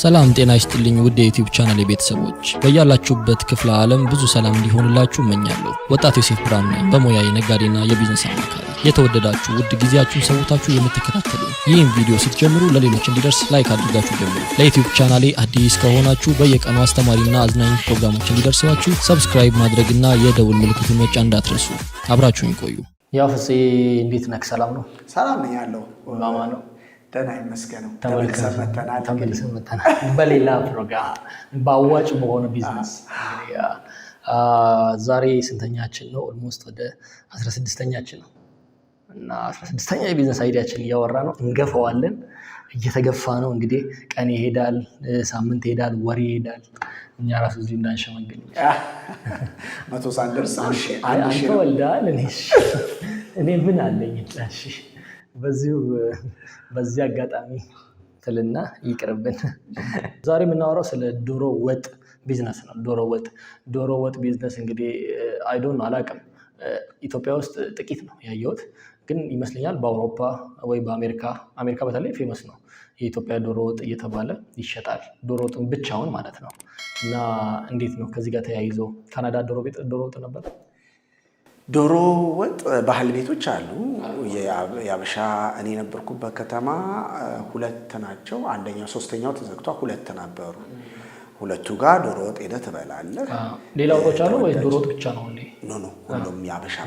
ሰላም ጤና ይስጥልኝ ውድ የዩቲዩብ ቻናል የቤተሰቦች በያላችሁበት ክፍለ ዓለም ብዙ ሰላም እንዲሆንላችሁ እመኛለሁ። ወጣት ዮሴፍ ብራን ነኝ፣ በሙያዬ ነጋዴና የቢዝነስ አማካሪ። የተወደዳችሁ ውድ ጊዜያችሁን ሰውታችሁ የምትከታተሉ ይህን ቪዲዮ ስትጀምሩ ለሌሎች እንዲደርስ ላይክ አድርጋችሁ ጀምሩ። ለዩቲዩብ ቻናሌ አዲስ ከሆናችሁ በየቀኑ አስተማሪና አዝናኝ ፕሮግራሞች እንዲደርሰዋችሁ ሰብስክራይብ ማድረግና የደውል ምልክቱን መጫ እንዳትረሱ። አብራችሁን ቆዩ። ያው ፍፄ እንዴት ነክ? ሰላም ነው? ሰላም ነኝ ያለው ነው ደህና ይመስገን ተመልሰን መተናል። በሌላ ፕሮግራም በአዋጭ በሆነ ቢዝነስ ዛሬ ስንተኛችን ነው? ኦልሞስት ወደ አስራ ስድስተኛችን ነው እና አስራ ስድስተኛ የቢዝነስ አይዲያችን እያወራ ነው። እንገፈዋለን እየተገፋ ነው እንግዲህ። ቀን ይሄዳል፣ ሳምንት ይሄዳል፣ ወሬ ይሄዳል። እኛ ራሱ እዚህ እንዳንሸመግል መቶ ሳንደርስ አንተ ወልደሃል፣ እኔ ምን አለኝ? በዚሁ በዚህ አጋጣሚ ትልና ይቅርብን። ዛሬ የምናወራው ስለ ዶሮ ወጥ ቢዝነስ ነው። ዶሮ ወጥ ዶሮ ወጥ ቢዝነስ እንግዲህ አይዶን አላውቅም፣ ኢትዮጵያ ውስጥ ጥቂት ነው ያየሁት፣ ግን ይመስለኛል በአውሮፓ ወይ በአሜሪካ አሜሪካ በተለይ ፌመስ ነው የኢትዮጵያ ዶሮ ወጥ እየተባለ ይሸጣል። ዶሮ ወጥን ብቻውን ማለት ነው። እና እንዴት ነው ከዚህ ጋር ተያይዞ ካናዳ ዶሮ ወጥ ነበር ዶሮ ወጥ ባህል ቤቶች አሉ። የአበሻ እኔ የነበርኩበት ከተማ ሁለት ናቸው። አንደኛው ሶስተኛው ተዘግቷ ሁለት ነበሩ። ሁለቱ ጋር ዶሮ ወጥ ሄደህ ትበላለህ። ሌላ ወጦች አሉ ወይ ዶሮ ወጥ ብቻ ነው? ኖ ኖ፣ ሁሉም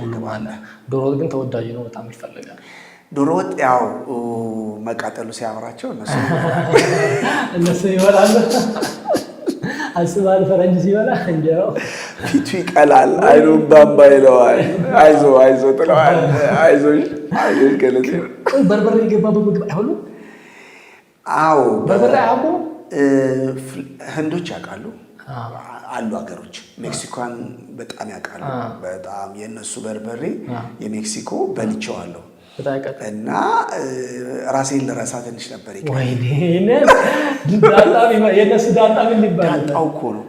ምግብ አለ። ዶሮ ወጥ ግን ተወዳጅ ነው፣ በጣም ይፈለጋል። ዶሮ ወጥ ያው መቃጠሉ ሲያምራቸው እነሱ እነሱ ይበላሉ። አስባል ፈረንጅ ሲበላ እንጀራው ፊቱ ይቀላል፣ አይኑን ባንባ ይለዋል። አይዞ አይዞ ጥለዋል። አይዞሽ በርበሬ የገባበት ምግብ አይሆንም። አዎ በርበሬ አያውቁ ህንዶች ያውቃሉ አሉ ሀገሮች ሜክሲኮን በጣም ያውቃሉ። በጣም የእነሱ በርበሬ የሜክሲኮ በልቼዋለሁ እና ራሴን ልረሳ ትንሽ ነበር ዳጣው እኮ ነው።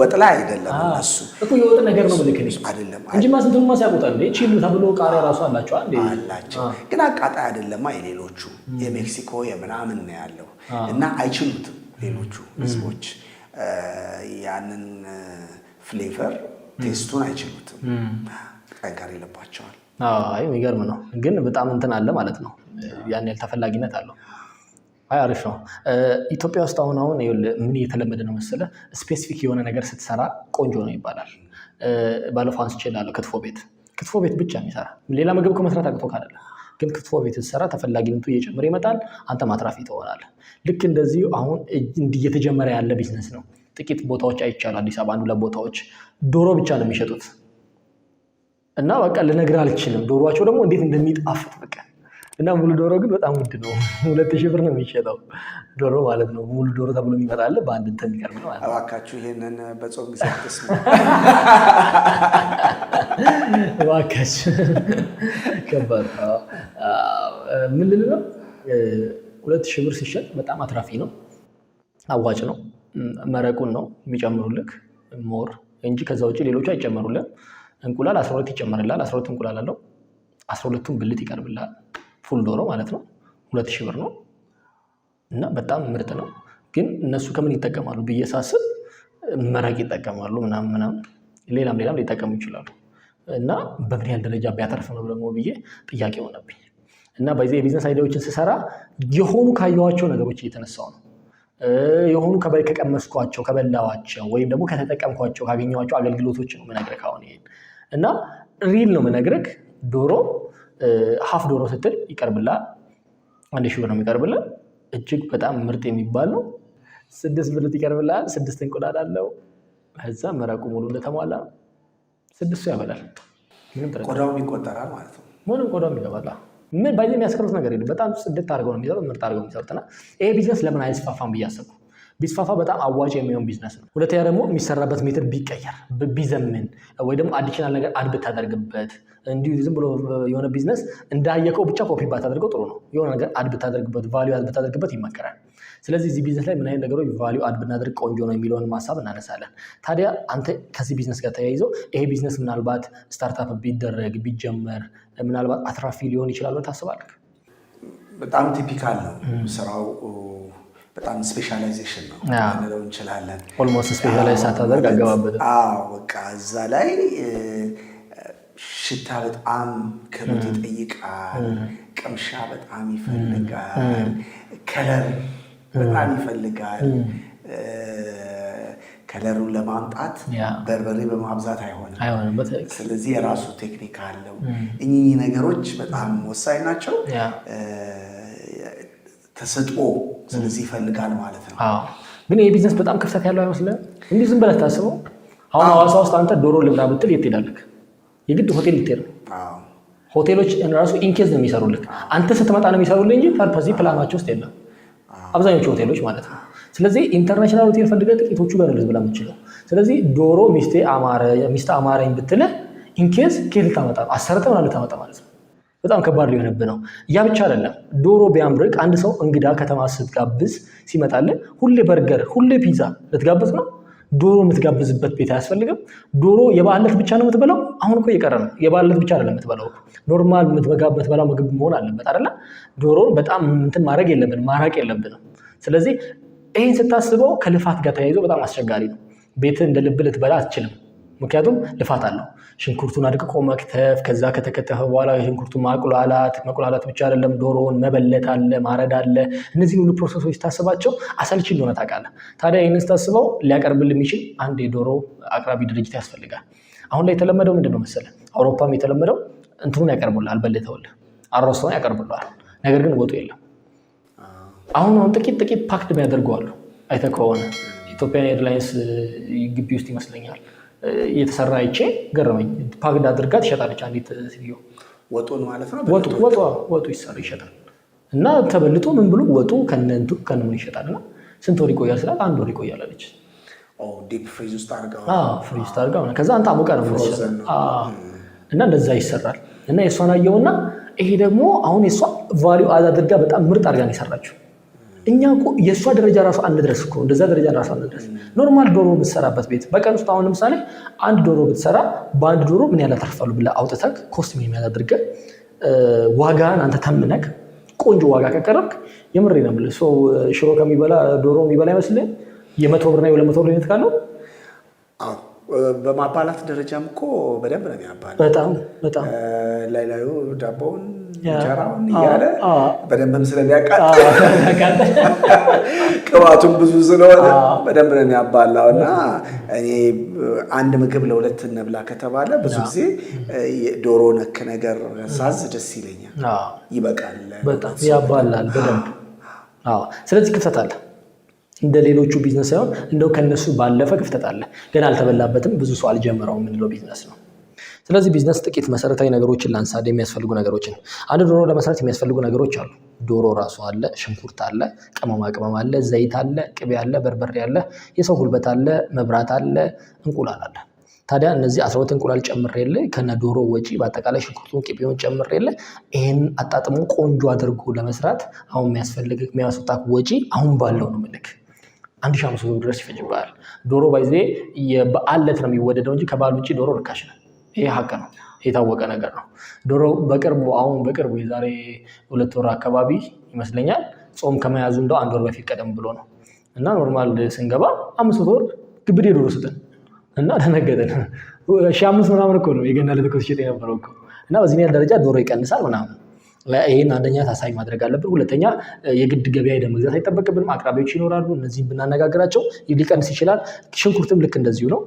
ወጥ ላይ አይደለም እሱ እኮ የወጥ ነገር ነው። ልክ አይደለም እንጂ ማስንትማ ሲያቆጣ እንዴ ቺሉ ተብሎ ቃሪያ ራሱ አላቸው አላቸው፣ ግን አቃጣይ አይደለማ። የሌሎቹ የሜክሲኮ የምናምን ነው ያለው እና አይችሉትም ሌሎቹ ህዝቦች ያንን ፍሌቨር ቴስቱን አይችሉትም። ጠንካር የለባቸዋል አይ የሚገርም ነው ግን በጣም እንትን አለ ማለት ነው። ያን ያህል ተፈላጊነት አለው። አይ አሪፍ ነው። ኢትዮጵያ ውስጥ አሁን አሁን ምን እየተለመደ ነው መሰለ፣ ስፔሲፊክ የሆነ ነገር ስትሰራ ቆንጆ ነው ይባላል። ባለፈው አንስቼ ክትፎ ቤት ክትፎ ቤት ብቻ የሚሰራ ሌላ ምግብ ከመስራት አቅቶ ካለ ግን ክትፎ ቤት ስትሰራ ተፈላጊነቱ እየጨመረ ይመጣል። አንተ ማትራፊ ትሆናል። ልክ እንደዚሁ አሁን እየተጀመረ ያለ ቢዝነስ ነው። ጥቂት ቦታዎች አይቻሉ። አዲስ አበባ አንዱ ለቦታዎች ዶሮ ብቻ ነው የሚሸጡት እና በቃ ልነግር አልችልም። ዶሯቸው ደግሞ እንዴት እንደሚጣፍጥ በቃ እና ሙሉ ዶሮ ግን በጣም ውድ ነው። ሁለት ሺህ ብር ነው የሚሸጠው ዶሮ ማለት ነው። ሙሉ ዶሮ ተብሎ የሚመጣለ በአንድ እንትን የሚቀርብ ነው ማለት ነው። እባካችሁ በጾም ጊዜ አትስሙ። እባካችሁ ከባድ ምን ልል ነው። ሁለት ሺህ ብር ሲሸጥ በጣም አትራፊ ነው፣ አዋጭ ነው። መረቁን ነው የሚጨምሩልክ ሞር እንጂ ከዛ ውጭ ሌሎቹ አይጨመሩልን። እንቁላል ሁለት ይጨመርላል። ሁለት እንቁላል አለው አስራ ሁለቱን ብልት ይቀርብላል። ፉል ዶሮ ማለት ነው። ሁለት ሺህ ብር ነው እና በጣም ምርጥ ነው። ግን እነሱ ከምን ይጠቀማሉ ብዬ ሳስብ መረቅ ይጠቀማሉ ምናም ምናም ሌላም ሌላም ሊጠቀሙ ይችላሉ። እና በምን ያህል ደረጃ ቢያተርፍ ነው ደግሞ ብዬ ጥያቄ ሆነብኝ። እና በዚህ የቢዝነስ አይዲያዎችን ስሰራ የሆኑ ካየኋቸው ነገሮች እየተነሳው ነው የሆኑ ከቀመስኳቸው ከበላዋቸው ወይም ደግሞ ከተጠቀምኳቸው ካገኘኋቸው አገልግሎቶች ነው ምነግርህ አሁን ይሄን እና ሪል ነው የምነግርህ ዶሮ ሀፍ ዶሮ ስትል ይቀርብላል። አንድ ሺህ ነው የሚቀርብልን። እጅግ በጣም ምርጥ የሚባል ነው። ስድስት ብልት ይቀርብላል። ስድስት እንቁላል አለው። ከዛ መረቁ ሙሉ እንደተሟላ ነው። ስድስቱ ያበላል። ቆዳውም ይቆጠራል ማለት ነው። ምንም ቆዳውም ይገባላ ምን ባይዘ የሚያስቀሩት ነገር የለም። በጣም ጽድት አድርገው ነው የሚሰሩት። ምርጥ አድርገው የሚሰሩትና ይሄ ቢዝነስ ለምን አይስፋፋም ብዬ አሰብኩ። ቢስፋፋ በጣም አዋጭ የሚሆን ቢዝነስ ነው። ሁለተኛ ደግሞ የሚሰራበት ሜትር ቢቀየር ቢዘምን፣ ወይ ደግሞ አዲሽናል ነገር አድ ብታደርግበት፣ እንዲሁ ዝም ብሎ የሆነ ቢዝነስ እንዳየቀው ብቻ ኮፒ ባታደርገው ጥሩ ነው። የሆነ ነገር አድ ብታደርግበት፣ ቫሊዩ አድ ብታደርግበት ይመከራል። ስለዚህ እዚህ ቢዝነስ ላይ ምን አይነት ነገሮች ቫሊዩ አድ ብናደርግ ቆንጆ ነው የሚለውን ሀሳብ እናነሳለን። ታዲያ አንተ ከዚህ ቢዝነስ ጋር ተያይዞ ይሄ ቢዝነስ ምናልባት ስታርታፕ ቢደረግ ቢጀመር ምናልባት አትራፊ ሊሆን ይችላል ታስባለህ? በጣም ቲፒካል ነው ስራው በጣም ስፔሻላይዜሽን ነው ልንለው እንችላለን። ኦልሞስት ስፔሻላይዝ ሳታደርግ አገባበት። በቃ እዛ ላይ ሽታ በጣም ክብት ይጠይቃል። ቅምሻ በጣም ይፈልጋል። ከለር በጣም ይፈልጋል። ከለሩን ለማምጣት በርበሬ በማብዛት አይሆንም። ስለዚህ የራሱ ቴክኒክ አለው። እኚህ ነገሮች በጣም ወሳኝ ናቸው። ተሰጥኦ ስለዚህ ይፈልጋል ማለት ነው። ግን ይህ ቢዝነስ በጣም ክፍተት ያለው አይመስልህም? እንዲህ ዝም ብለህ ታስበው አሁን ሐዋሳ ውስጥ አንተ ዶሮ ልብላ ብትል የት ትሄዳለህ? የግድ ሆቴል ልትሄድ ነው። ሆቴሎች ራሱ ኢንኬዝ ነው የሚሰሩልህ፣ አንተ ስትመጣ ነው የሚሰሩልህ እንጂ ፐርፐዚ ፕላናቸው ውስጥ የለም አብዛኞቹ ሆቴሎች ማለት ነው። ስለዚህ ኢንተርናሽናል ሆቴል ፈልገህ ጥቂቶቹ ጋር ልዝ ብላ ምችለው። ስለዚህ ዶሮ ሚስቴ አማረ ሚስቴ አማረኝ ብትልህ ኢንኬዝ ኬዝ ልታመጣ አሰርተ ምናምን ልታመጣ ማለት ነው በጣም ከባድ ሊሆንብህ ነው። ያ ብቻ አይደለም። ዶሮ ቢያምርቅ አንድ ሰው እንግዳ ከተማ ስትጋብዝ ሲመጣልን ሁሌ በርገር፣ ሁሌ ፒዛ ልትጋብዝ ነው። ዶሮ የምትጋብዝበት ቤት አያስፈልግም። ዶሮ የበዓለት ብቻ ነው የምትበላው። አሁን እኮ እየቀረ ነው። የበዓለት ብቻ አይደለም የምትበላው፣ ኖርማል የምትበላው ምግብ መሆን አለበት አይደለ? ዶሮን በጣም እንትን ማድረግ የለብን ማራቅ የለብንም። ስለዚህ ይህን ስታስበው ከልፋት ጋር ተያይዞ በጣም አስቸጋሪ ነው። ቤት እንደ ልብ ልትበላ አትችልም። ምክንያቱም ልፋት አለው። ሽንኩርቱን አድቅቆ መክተፍ፣ ከዛ ከተከተፈ በኋላ የሽንኩርቱ ማቁላላት። መቁላላት ብቻ አይደለም፣ ዶሮውን መበለት አለ፣ ማረድ አለ። እነዚህ ሁሉ ፕሮሰሶች ታስባቸው አሰልቺ እንደሆነ ታውቃለህ። ታዲያ ይህንን ስታስበው ሊያቀርብል የሚችል አንድ የዶሮ አቅራቢ ድርጅት ያስፈልጋል። አሁን ላይ የተለመደው ምንድን ነው መሰለህ? አውሮፓም የተለመደው እንትኑን ያቀርቡልሃል፣ በልተውልህ አሮስተውን ያቀርቡልሃል። ነገር ግን ወጡ የለም። አሁን አሁን ጥቂት ጥቂት ፓክድ ያደርገዋሉ። አይተህ ከሆነ ኢትዮጵያን ኤርላይንስ ግቢ ውስጥ ይመስለኛል የተሰራ ይቼ ገረመኝ። ፓግድ አድርጋ ትሸጣለች አንዲት ሲዮ ወጡን ማለት ነው። ወጡ ወጡ ይሰራ ይሸጣል እና ተበልቶ ምን ብሎ ወጡ ከነንቱ ከነምን ይሸጣል እና ስንት ወር ይቆያል ስላት አንድ ወር ይቆያል አለች። ዲፕ ፍሪዝ ውስጥ አርገ ፍሪዝ ውስጥ አድርጋ ከዛ አንተ አሞቀ ነው እና እንደዛ ይሰራል እና የእሷን አየውና ይሄ ደግሞ አሁን የእሷ ቫሊዩ አድርጋ በጣም ምርጥ አድርጋ ነው እኛ እኮ የእሷ ደረጃ ራሱ አንድረስ እኮ እንደዛ ደረጃ ራሱ አንድረስ። ኖርማል ዶሮ ብትሰራበት ቤት በቀን ውስጥ አሁን ለምሳሌ አንድ ዶሮ ብትሰራ በአንድ ዶሮ ምን ያህል ያተርፋሉ ብለህ አውጥተህ ኮስት ምን ያህል አድርገህ ዋጋን አንተ ተምነክ ቆንጆ ዋጋ ከቀረብክ የምሬ ነው የምልህ ሰው ሽሮ ከሚበላ ዶሮ የሚበላ ይመስልህ የመቶ ብርና የሁለት መቶ ብር ልዩነት ካለው በማባላት ደረጃም እኮ በደንብ ነው የሚያባላ። በጣም በጣም ላይ ላዩ ዳቦውን እንጀራውን እያለ በደንብም ስለሚያቃጥል ብዙ ስለሆነ በደንብ ነው የሚያባላው። እና እኔ አንድ ምግብ ለሁለት እንብላ ከተባለ ብዙ ጊዜ ዶሮ ነክ ነገር ሳዝ ደስ ይለኛል። ይበቃል፣ በጣም ያባላል በደንብ ስለዚህ ክፍተት አለ። እንደ ሌሎቹ ቢዝነስ ሳይሆን እንደው ከነሱ ባለፈ ክፍተት አለ። ገና አልተበላበትም፣ ብዙ ሰው አልጀምረው የምንለው ቢዝነስ ነው። ስለዚህ ቢዝነስ ጥቂት መሰረታዊ ነገሮችን ላንሳ፣ የሚያስፈልጉ ነገሮችን። አንድ ዶሮ ለመስራት የሚያስፈልጉ ነገሮች አሉ። ዶሮ ራሱ አለ፣ ሽንኩርት አለ፣ ቅመማ ቅመም አለ፣ ዘይት አለ፣ ቅቤ አለ፣ በርበሬ አለ፣ የሰው ጉልበት አለ፣ መብራት አለ፣ እንቁላል አለ። ታዲያ እነዚህ አስራ ሁለት እንቁላል የለ ከነ ዶሮ ወጪ በአጠቃላይ ሽንኩርቱን ቅቤውን ጨምር የለ ይህን አጣጥሞ ቆንጆ አድርጎ ለመስራት አሁን የሚያስፈልግ የሚያስወጣ ወጪ አሁን ባለው ነው ምልክ አንድ ሺህ አምስት ድረስ ይፈጅባል ዶሮ ባይዜ በዓል ዕለት ነው የሚወደደው እንጂ ከበዓል ውጭ ዶሮ ርካሽ ነው። ይሄ ሀቅ ነው፣ የታወቀ ነገር ነው። ዶሮ በቅርቡ አሁን በቅርቡ የዛሬ ሁለት ወር አካባቢ ይመስለኛል ጾም ከመያዙ እንደው አንድ ወር በፊት ቀደም ብሎ ነው እና ኖርማል ስንገባ አምስት ወር ብር ግብዴ ዶሮ ስጥን እና ደነገጥን። ሺ አምስት ምናምን እኮ ነው የገና ዕለት ሲሸጥ የነበረው እኮ እና በዚህ ያህል ደረጃ ዶሮ ይቀንሳል ምናምን ይህን አንደኛ ታሳቢ ማድረግ አለብን። ሁለተኛ የግድ ገበያ ሄደን መግዛት አይጠበቅብንም። አቅራቢዎች ይኖራሉ። እነዚህም ብናነጋግራቸው ሊቀንስ ይችላል። ሽንኩርትም ልክ እንደዚሁ ነው።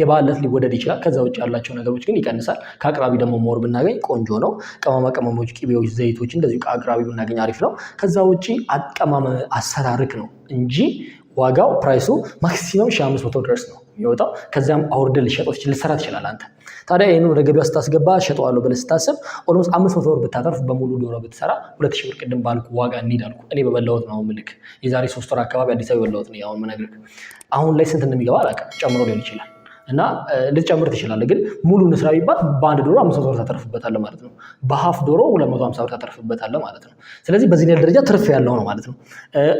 የበዓል ሊወደድ ይችላል። ከዛ ውጭ ያላቸው ነገሮች ግን ይቀንሳል። ከአቅራቢ ደግሞ ሞር ብናገኝ ቆንጆ ነው። ቅመማ ቅመሞች፣ ቅቤዎች፣ ዘይቶች እንደዚሁ ከአቅራቢ ብናገኝ አሪፍ ነው። ከዛ ውጭ አቀማመ አሰራርክ ነው እንጂ ዋጋው ፕራይሱ ማክሲመም ሺህ አምስት መቶ ድረስ ነው የሚወጣው። ከዚያም አውርደህ ልሸጠው ልሰራ ትችላል አንተ። ታዲያ ይህን ወደ ገበያ ስታስገባ ሸጠዋለሁ ብለህ ስታስብ ኦልሞስት አምስት መቶ ብር ብታተርፍ በሙሉ ዶሮ ብትሰራ ሁለት ሺህ ብር ቅድም ባልኩ ዋጋ እንሂድ አልኩ። እኔ በበላሁት ነው ምልክ የዛሬ ሶስት ወር አካባቢ አዲስ አበባ የበላሁት ነው። አሁን ምነግርህ አሁን ላይ ስንት እንደሚገባ አላውቅም። ጨምሮ ሊሆን ይችላል እና ልትጨምር ትችላለህ። ግን ሙሉ ንስራ ቢባል በአንድ ዶሮ አምስት መቶ ብር ታተርፍበታለህ ማለት ነው። በሀፍ ዶሮ ሁለት መቶ ሀምሳ ብር ታተርፍበታለህ ማለት ነው። ስለዚህ በዚህ ደረጃ ትርፍ ያለው ነው ማለት ነው።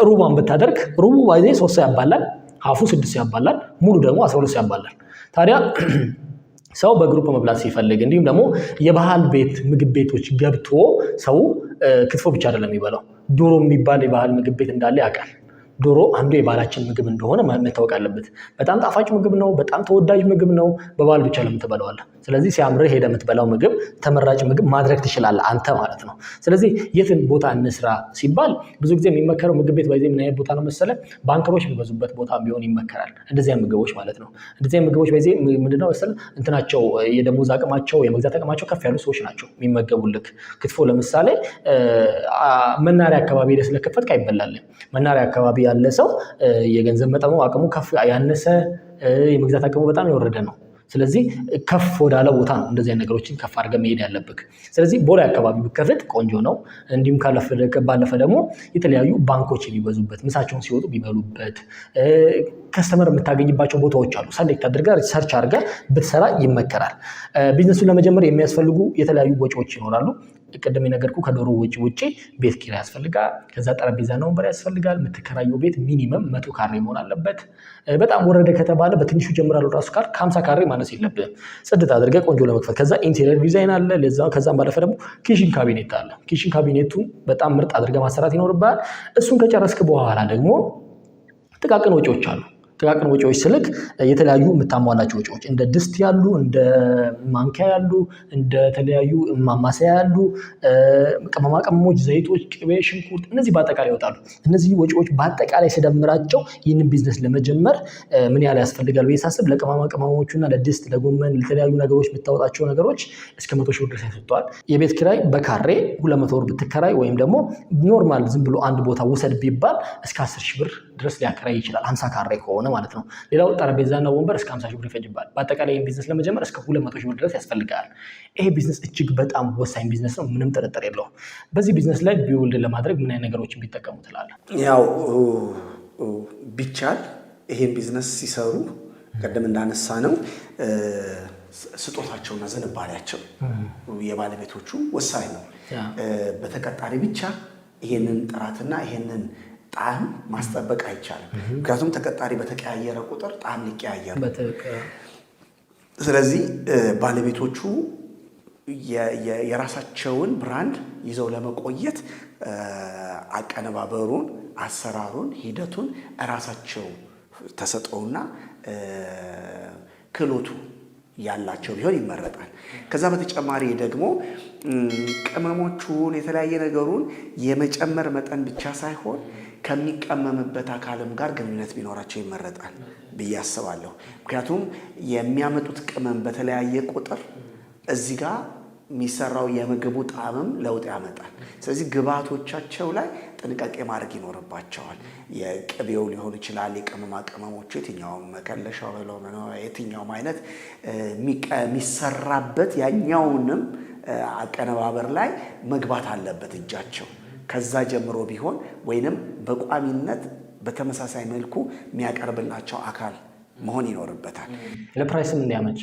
ሩቧን ብታደርግ ሩቡ ባይዜ ሶስት ያባላል፣ ሀፉ ስድስት ያባላል፣ ሙሉ ደግሞ አስራ ሁለት ያባላል። ታዲያ ሰው በግሩፕ መብላት ሲፈልግ እንዲሁም ደግሞ የባህል ቤት ምግብ ቤቶች ገብቶ ሰው ክትፎ ብቻ አይደለም የሚበላው ዶሮ የሚባል የባህል ምግብ ቤት እንዳለ ያውቃል። ዶሮ አንዱ የባህላችን ምግብ እንደሆነ መታወቅ አለበት። በጣም ጣፋጭ ምግብ ነው። በጣም ተወዳጅ ምግብ ነው። በበዓል ብቻ ለምን ስለዚህ ሲያምር ሄደ የምትበላው ምግብ ተመራጭ ምግብ ማድረግ ትችላለ አንተ ማለት ነው። ስለዚህ የትን ቦታ እንስራ ሲባል ብዙ ጊዜ የሚመከረው ምግብ ቤት ባይዜ ምን አይነት ቦታ ነው መሰለ፣ ባንከሮች የሚበዙበት ቦታ ቢሆን ይመከራል። እንደዚያ ምግቦች ማለት ነው። እንደዚያ ምግቦች ባይዜ ምንድነው መሰለ፣ እንትናቸው የደሞዝ አቅማቸው የመግዛት አቅማቸው ከፍ ያሉ ሰዎች ናቸው የሚመገቡልክ። ክትፎ ለምሳሌ መናሪያ አካባቢ ሄደህ ስለከፈትክ መናሪያ አካባቢ ያለ ሰው የገንዘብ መጠኑ አቅሙ ከፍ ያነሰ፣ የመግዛት አቅሙ በጣም የወረደ ነው። ስለዚህ ከፍ ወዳለ ቦታ ነው እንደዚህ ነገሮችን ከፍ አድርገ መሄድ ያለብህ። ስለዚህ ቦሌ አካባቢ ብከፍት ቆንጆ ነው። እንዲሁም ባለፈ ደግሞ የተለያዩ ባንኮች የሚበዙበት ምሳቸውን ሲወጡ የሚበሉበት ከስተመር የምታገኝባቸው ቦታዎች አሉ። ሰሌክት አድርገ ሰርች አድርገ ብትሰራ ይመከራል። ቢዝነሱን ለመጀመር የሚያስፈልጉ የተለያዩ ወጪዎች ይኖራሉ። ቅድም የነገርኩ ከዶሮ ወጪ ውጭ ቤት ኪራይ ያስፈልጋል። ከዛ ጠረጴዛና ወንበር ያስፈልጋል። የምትከራየው ቤት ሚኒመም መቶ ካሬ መሆን አለበት። በጣም ወረደ ከተባለ በትንሹ ጀምራሉ ራሱ ካር ከሀምሳ ካሬ ማነስ የለብህም። ጽድት አድርገ ቆንጆ ለመክፈት ከዛ ኢንቴሪየር ዲዛይን አለ። ለዛ ከዛም ባለፈ ደግሞ ኪሽን ካቢኔት አለ። ኪሽን ካቢኔቱ በጣም ምርጥ አድርገ ማሰራት ይኖርብሃል። እሱን ከጨረስክ በኋላ ደግሞ ጥቃቅን ወጪዎች አሉ። ጥቃቅን ወጪዎች ስልክ የተለያዩ የምታሟላቸው ወጪዎች እንደ ድስት ያሉ፣ እንደ ማንኪያ ያሉ፣ እንደተለያዩ ማማሰያ ያሉ ቅመማ ቅመሞች፣ ዘይቶች፣ ቅቤ፣ ሽንኩርት እነዚህ በአጠቃላይ ይወጣሉ። እነዚህ ወጪዎች በአጠቃላይ ስደምራቸው ይህንን ቢዝነስ ለመጀመር ምን ያህል ያስፈልጋል ብዬ ሳስብ ለቅመማ ቅመሞቹና ለድስት ለጎመን ለተለያዩ ነገሮች የምታወጣቸው ነገሮች እስከ መቶ ሺህ ብር ያስወጥተዋል። የቤት ኪራይ በካሬ ሁለት መቶ ብር ብትከራይ ወይም ደግሞ ኖርማል ዝም ብሎ አንድ ቦታ ውሰድ ቢባል እስከ አስር ሺህ ብር ድረስ ሊያከራይ ይችላል። ሀምሳ ካሬ ከሆነ ማለት ነው። ሌላው ጠረጴዛና ወንበር እስከ ሀምሳ ሺህ ብር ይፈጅባል። በአጠቃላይ ይህን ቢዝነስ ለመጀመር እስከ ሁለት መቶ ሺህ ብር ድረስ ያስፈልጋል። ይሄ ቢዝነስ እጅግ በጣም ወሳኝ ቢዝነስ ነው። ምንም ጥርጥር የለውም። በዚህ ቢዝነስ ላይ ቢውልድ ለማድረግ ምን አይነት ነገሮችን ቢጠቀሙ ትላለህ? ያው ቢቻል ይሄን ቢዝነስ ሲሰሩ ቀደም እንዳነሳ ነው ስጦታቸውና ዝንባሌያቸው የባለቤቶቹ ወሳኝ ነው። በተቀጣሪ ብቻ ይሄንን ጥራትና ይሄንን ጣዕም ማስጠበቅ አይቻልም። ምክንያቱም ተቀጣሪ በተቀያየረ ቁጥር ጣዕም ሊቀያየር። ስለዚህ ባለቤቶቹ የራሳቸውን ብራንድ ይዘው ለመቆየት አቀነባበሩን፣ አሰራሩን፣ ሂደቱን እራሳቸው ተሰጠውና ክህሎቱ ያላቸው ቢሆን ይመረጣል። ከዛ በተጨማሪ ደግሞ ቅመሞቹን የተለያየ ነገሩን የመጨመር መጠን ብቻ ሳይሆን ከሚቀመምበት አካልም ጋር ግንኙነት ቢኖራቸው ይመረጣል ብዬ አስባለሁ። ምክንያቱም የሚያመጡት ቅመም በተለያየ ቁጥር እዚህ ጋር የሚሰራው የምግቡ ጣዕምም ለውጥ ያመጣል። ስለዚህ ግብዓቶቻቸው ላይ ጥንቃቄ ማድረግ ይኖርባቸዋል። የቅቤው ሊሆን ይችላል፣ የቅመማ ቅመሞቹ፣ የትኛውም መከለሻው ብለው የትኛውም አይነት የሚሰራበት ያኛውንም አቀነባበር ላይ መግባት አለበት እጃቸው። ከዛ ጀምሮ ቢሆን ወይንም በቋሚነት በተመሳሳይ መልኩ የሚያቀርብላቸው አካል መሆን ይኖርበታል። ለፕራይስም እንዲያመች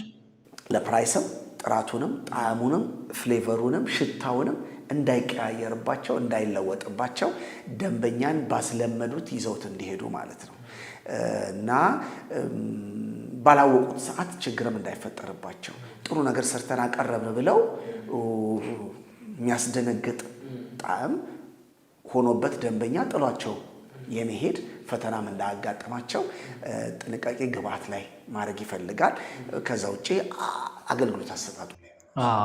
ለፕራይስም ጥራቱንም ጣዕሙንም ፍሌቨሩንም ሽታውንም እንዳይቀያየርባቸው እንዳይለወጥባቸው ደንበኛን ባስለመዱት ይዘውት እንዲሄዱ ማለት ነው እና ባላወቁት ሰዓት ችግርም እንዳይፈጠርባቸው ጥሩ ነገር ሰርተን አቀረብን ብለው የሚያስደነግጥ ጣዕም ሆኖበት ደንበኛ ጥሏቸው የመሄድ ፈተናም እንዳያጋጥማቸው ጥንቃቄ ግብዓት ላይ ማድረግ ይፈልጋል። ከዛ ውጭ አገልግሎት አሰጣጡ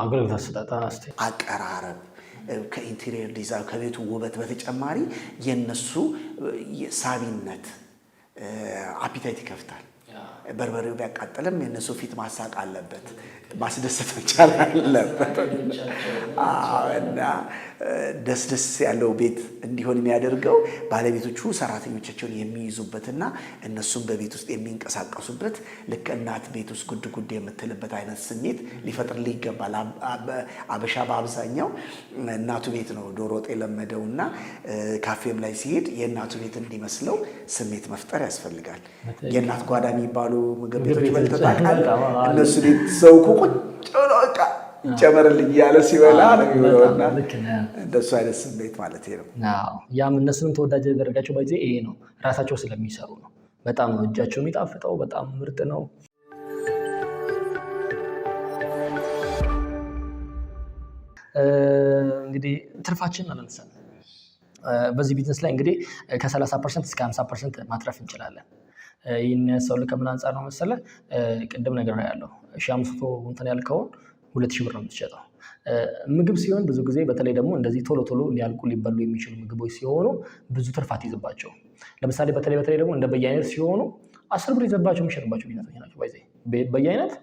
አገልግሎት አሰጣጣ አቀራረብ ከኢንቴሪየር ዲዛይን ከቤቱ ውበት በተጨማሪ የነሱ ሳቢነት አፒታይት ይከፍታል። በርበሬው ቢያቃጥልም የእነሱ ፊት ማሳቅ አለበት፣ ማስደሰት መቻል አለበት። እና ደስ ደስ ያለው ቤት እንዲሆን የሚያደርገው ባለቤቶቹ ሰራተኞቻቸውን የሚይዙበትና እነሱም በቤት ውስጥ የሚንቀሳቀሱበት ልክ እናት ቤት ውስጥ ጉድ ጉድ የምትልበት አይነት ስሜት ሊፈጥርልህ ይገባል። አበሻ በአብዛኛው እናቱ ቤት ነው ዶሮ ወጥ የለመደው እና ካፌም ላይ ሲሄድ የእናቱ ቤት እንዲመስለው ስሜት መፍጠር ያስፈልጋል። የእናት ጓዳ የሚባሉ ምግብ ቤቶች በልተጣቃል። እነሱ ቤት ሰው ቁጭ ብሎ በቃ ይጨመርልኝ እያለ ሲበላ ነው የሚውለውና እንደሱ አይነት ስሜት ማለት ነው። ያም እነሱንም ተወዳጅ ያደረጋቸው ባይዜ ይሄ ነው። ራሳቸው ስለሚሰሩ ነው። በጣም ነው እጃቸው የሚጣፍጠው። በጣም ምርጥ ነው። እንግዲህ ትርፋችን አለምሳሌ በዚህ ቢዝነስ ላይ እንግዲህ ከ30 ፐርሰንት እስከ 50 ፐርሰንት ማትረፍ እንችላለን። ይህን ያንሳሉ ከምን አንጻር ነው መሰለህ? ቅድም ነገር ያለው ሺህ አምስቶ መቶ እንትን ያልከውን ሁለት ሺህ ብር ነው የምትሸጠው። ምግብ ሲሆን ብዙ ጊዜ በተለይ ደግሞ እንደዚህ ቶሎ ቶሎ ሊያልቁ ሊበሉ የሚችሉ ምግቦች ሲሆኑ ብዙ ትርፋት ይዝባቸው። ለምሳሌ በተለይ በተለይ ደግሞ እንደ በየአይነት ሲሆኑ አስር ብር ይዘባቸው የሚሸጥባቸው ቢዝነሶች ናቸው። በየአይነት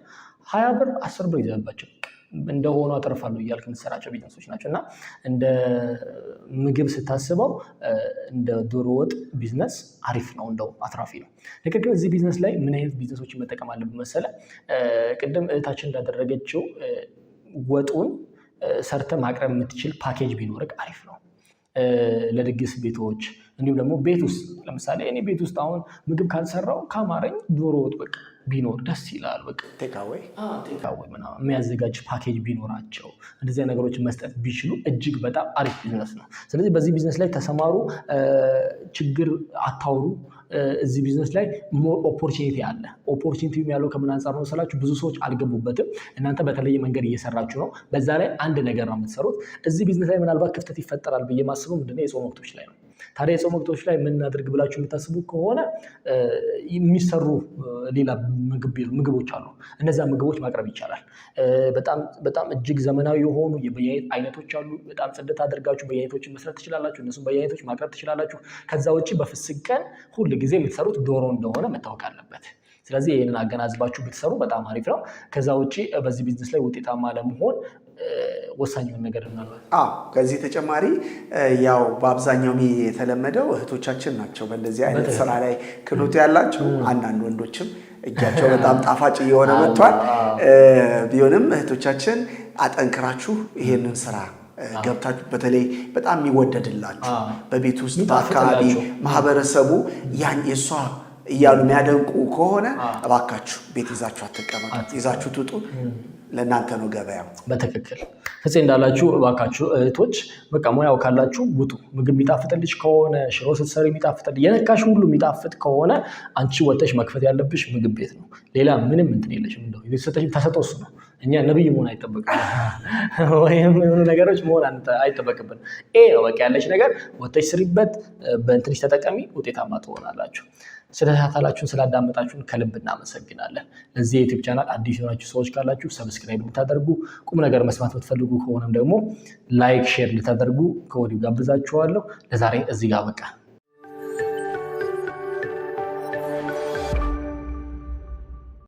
ሀያ ብር አስር ብር ይዘባቸው እንደሆኑ አጠርፋለሁ እያልክ የምትሰራቸው ቢዝነሶች ናቸው እና እንደ ምግብ ስታስበው እንደ ዶሮ ወጥ ቢዝነስ አሪፍ ነው፣ እንደው አትራፊ ነው። ነገር ግን እዚህ ቢዝነስ ላይ ምን አይነት ቢዝነሶችን መጠቀም አለብን መሰለ? ቅድም እህታችን እንዳደረገችው ወጡን ሰርተ ማቅረብ የምትችል ፓኬጅ ቢኖርቅ አሪፍ ነው። ለድግስ ቤቶች እንዲሁም ደግሞ ቤት ውስጥ ለምሳሌ እኔ ቤት ውስጥ አሁን ምግብ ካልሰራው ካማረኝ ዶሮ ወጥ በቃ ቢኖር ደስ ይላል። ምናምን የሚያዘጋጅ ፓኬጅ ቢኖራቸው እንደዚያ ነገሮች መስጠት ቢችሉ እጅግ በጣም አሪፍ ቢዝነስ ነው። ስለዚህ በዚህ ቢዝነስ ላይ ተሰማሩ፣ ችግር አታውሩ። እዚህ ቢዝነስ ላይ ሞር ኦፖርቹኒቲ አለ። ኦፖርቹኒቲ ያለው ከምን አንጻር ነው ስላችሁ፣ ብዙ ሰዎች አልገቡበትም። እናንተ በተለየ መንገድ እየሰራችሁ ነው። በዛ ላይ አንድ ነገር ነው የምትሰሩት። እዚህ ቢዝነስ ላይ ምናልባት ክፍተት ይፈጠራል ብዬ ማስበው ምንድነው የጾም ወቅቶች ላይ ነው ታዲያ የጾም ወቅቶች ላይ ምን እናድርግ ብላችሁ የምታስቡ ከሆነ የሚሰሩ ሌላ ምግቦች አሉ። እነዚያ ምግቦች ማቅረብ ይቻላል። በጣም እጅግ ዘመናዊ የሆኑ የበያይት አይነቶች አሉ። በጣም ጽድት አድርጋችሁ በያይቶችን መስራት ትችላላችሁ። እነሱም በያይቶች ማቅረብ ትችላላችሁ። ከዛ ውጭ በፍስግ ቀን ሁል ጊዜ የምትሰሩት ዶሮ እንደሆነ መታወቅ አለበት። ስለዚህ ይህንን አገናዝባችሁ ብትሰሩ በጣም አሪፍ ነው። ከዛ ውጭ በዚህ ቢዝነስ ላይ ውጤታማ ለመሆን ወሳኙን ነገር ምናልባት ከዚህ ተጨማሪ ያው በአብዛኛው የተለመደው እህቶቻችን ናቸው በእንደዚህ አይነት ስራ ላይ ክህሎት ያላቸው። አንዳንድ ወንዶችም እጃቸው በጣም ጣፋጭ እየሆነ መጥቷል። ቢሆንም እህቶቻችን አጠንክራችሁ ይሄንን ስራ ገብታችሁ በተለይ በጣም የሚወደድላችሁ በቤት ውስጥ በአካባቢ ማህበረሰቡ ያን የእሷ እያሉ የሚያደንቁ ከሆነ እባካችሁ ቤት ይዛችሁ አትቀመጡ፣ ይዛችሁ ትውጡ። ለእናንተ ነው ገበያ። በትክክል ፍፄ እንዳላችሁ እባካችሁ እህቶች በቃ ሙያው ካላችሁ ውጡ። ምግብ የሚጣፍጥልሽ ከሆነ ሽሮ ስትሰሪ የሚጣፍጥልሽ የነካሽ ሁሉ የሚጣፍጥ ከሆነ አንቺ ወተሽ መክፈት ያለብሽ ምግብ ቤት ነው። ሌላ ምንም እንትን የለሽም። እንደው የተሰጠሽ ተሰጦስ ነው። እኛ ነብይ መሆን አይጠበቅም፣ ወይም የሆኑ ነገሮች መሆን አይጠበቅብን። ይሄ ነው በቃ ያለሽ ነገር። ወተሽ ስሪበት፣ በእንትንሽ ተጠቀሚ፣ ውጤታማ ትሆናላችሁ። ስለተከታተላችሁን ስላዳመጣችሁን ከልብ እናመሰግናለን። ለዚህ የዩቲዩብ ቻናል አዲስ የሆናችሁ ሰዎች ካላችሁ ሰብስክራይብ ልታደርጉ፣ ቁም ነገር መስማት ብትፈልጉ ከሆነም ደግሞ ላይክ፣ ሼር ልታደርጉ ከወዲሁ ጋብዛችኋለሁ። ለዛሬ እዚህ ጋር በቃ